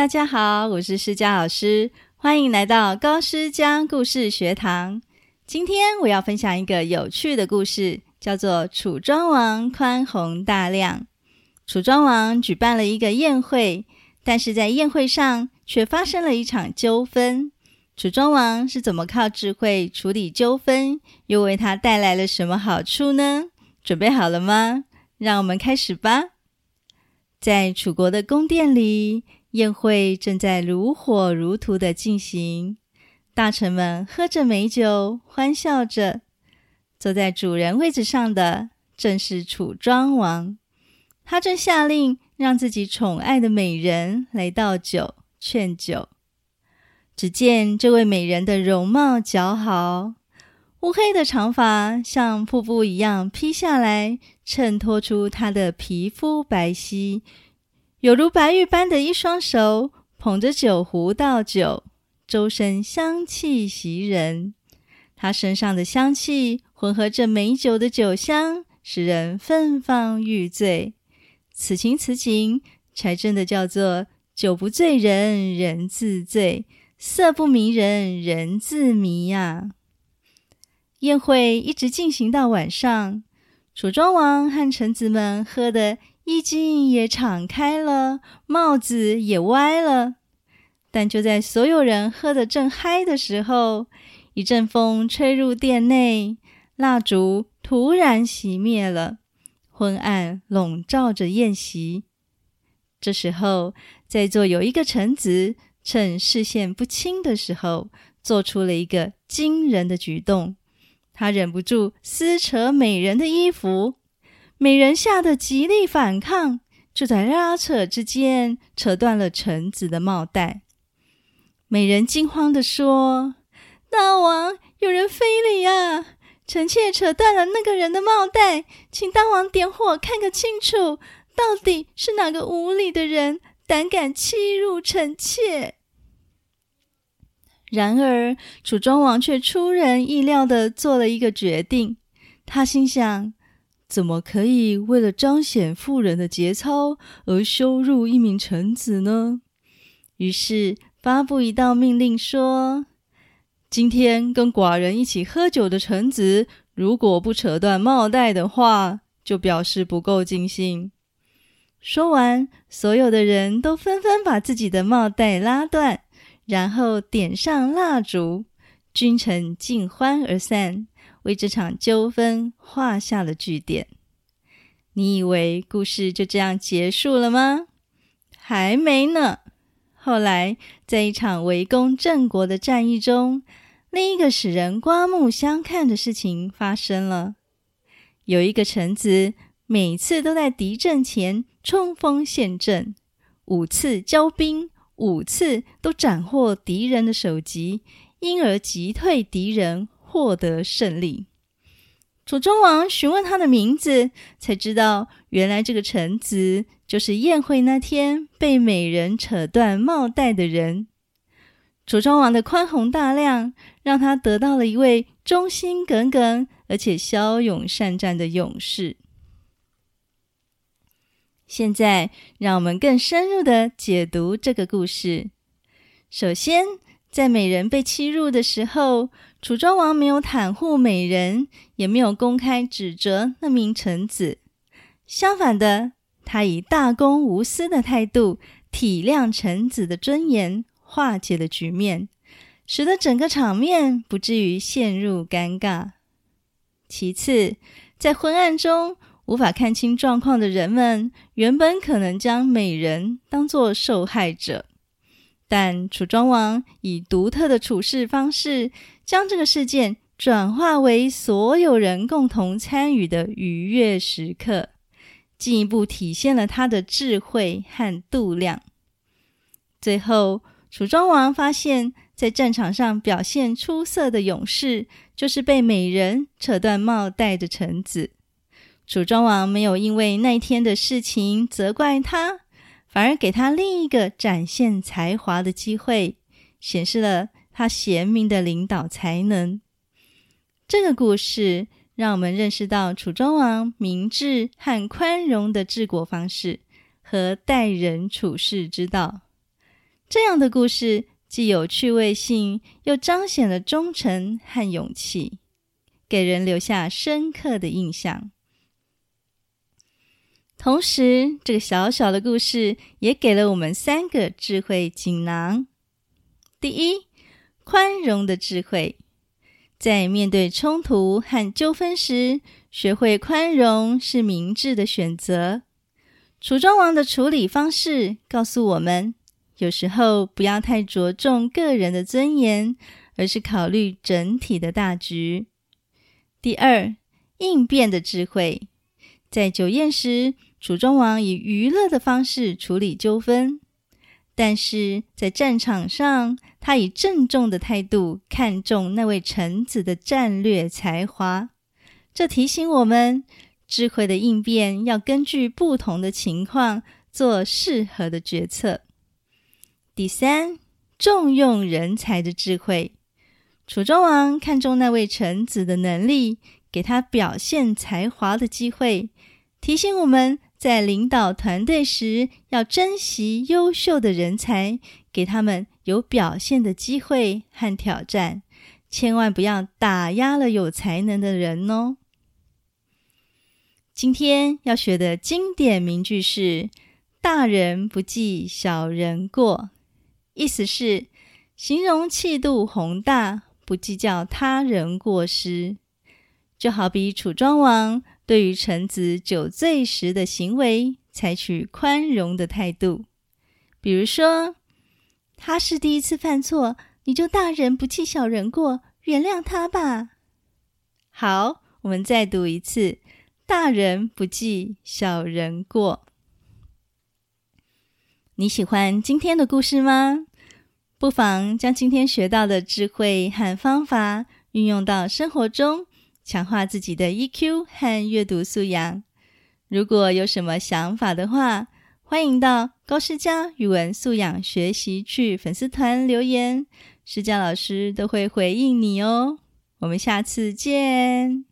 大家好，我是詩佳老師，歡迎來到高詩佳故事學堂。今天我要分享一個有趣的故事，叫做《楚莊王寬宏大量》。楚莊王舉辦了一個宴會，但是在宴會上卻發生了一場糾紛。楚莊王是怎麼靠智慧處理糾紛，又為他帶來了什麼好處呢？準備好了嗎？讓我們開始吧。在楚國的宮殿裡，宴會正在如火如荼的進行。大臣們喝着美酒，歡笑着。坐在主人位置上的正是楚莊王，他正下令讓自己寵愛的美人來倒酒、勸酒。只見這位美人的容貌姣好。烏黑的長髮像瀑布一樣披下來，襯托出她的皮膚白皙，有如白玉般的一雙手捧着酒壺倒酒，周身香氣襲人。她身上的香氣混合着美酒的酒香，使人芬芳欲醉。此情此景，才真的叫做酒不醉人人自醉，色不迷人人自迷呀、啊。宴會一直進行到晚上，楚莊王和臣子們喝得衣襟也敞開了，帽子也歪了。但就在所有人喝得正嗨的時候，一陣風吹入殿內，蠟燭突然熄滅了，昏暗籠罩着宴席。這時候，在座有一個臣子趁視線不清的時候，做出了一個驚人的舉動。他忍不住撕扯美人的衣服，美人嚇得極力反抗，就在拉,拉扯之間，扯斷了臣子的帽帶。美人驚慌地說：“大王，有人非禮啊！臣妾扯斷了那個人的帽帶，請大王點火看個清楚，到底是哪個無禮的人膽敢欺辱臣妾？”然而，楚莊王卻出人意料地做了一個決定。他心想：怎麼可以為了彰顯婦人的節操而羞辱一名臣子呢？於是發布一道命令說：“今天跟寡人一起喝酒的臣子，如果不扯斷帽帶的話，就表示不夠盡興。”說完，所有的人都紛紛把自己的帽帶拉斷。然後點上蠟燭，君臣盡歡而散，為這場糾紛畫下了句點。你以為故事就這樣結束了嗎？還沒呢。後來，在一場圍攻鄭國的戰役中，另一個使人刮目相看的事情發生了。有一個臣子，每次都在敵陣前衝鋒陷陣，五次交兵。五次都斬獲敵人的首級，因而擊退敵人，獲得勝利。楚莊王詢問他的名字，才知道原來這個臣子就是宴會那天被美人扯斷帽帶的人。楚莊王的寬宏大量，讓他得到了一位忠心耿耿，而且驍勇善戰的勇士。現在，讓我們更深入的解讀這個故事。首先，在美人被欺辱的時候，楚莊王沒有袒護美人，也沒有公開指責那名臣子。相反的，他以大公無私的態度，體諒臣子的尊嚴，化解了局面，使得整個場面不至於陷入尷尬。其次，在昏暗中，無法看清狀況的人們，原本可能將美人當作受害者，但楚莊王以獨特的處事方式，將這個事件轉化為所有人共同參與的愉悅時刻，進一步體現了他的智慧和度量。最後，楚莊王發現，在戰場上表現出色的勇士，就是被美人扯斷帽帶的臣子。楚莊王沒有因為那一天的事情責怪他，反而給他另一個展現才華的機會，顯示了他賢明的領導才能。這個故事讓我們認識到楚莊王明智和寬容的治國方式和待人處事之道。這樣的故事既有趣味性，又彰顯了忠誠和勇氣，給人留下深刻的印象。同時，這個小小的故事也給了我們三個智慧錦囊：第一，寬容的智慧，在面對衝突和糾紛時，學會寬容是明智的選擇。楚莊王的處理方式告訴我們，有時候不要太着重個人的尊嚴，而是考慮整體的大局。第二，應變的智慧，在酒宴時。楚莊王以娛樂的方式處理糾紛，但是在戰場上，他以鄭重的態度看重那位臣子的戰略才華。這提醒我們，智慧的應變要根據不同的情況做適合的決策。第三，重用人才的智慧。楚莊王看重那位臣子的能力，給他表現才華的機會，提醒我們。在領導團隊時，要珍惜優秀的人才，給他們有表現的機會和挑戰，千萬不要打壓了有才能的人哦。今天要學的經典名句是“大人不計小人過”，意思是形容氣度宏大，不計較他人過失。就好比楚莊王。對於臣子酒醉時的行為，採取寬容的態度。比如說，他是第一次犯錯，你就大人不計小人過，原諒他吧。好，我們再讀一次：“大人不計小人過。”你喜歡今天的故事嗎？不妨將今天學到的智慧和方法運用到生活中。強化自己的 EQ 和閱讀素養。如果有什麼想法的話，歡迎到高詩佳語文素養學習區粉絲團留言，詩佳老師都會回應你哦。我們下次見。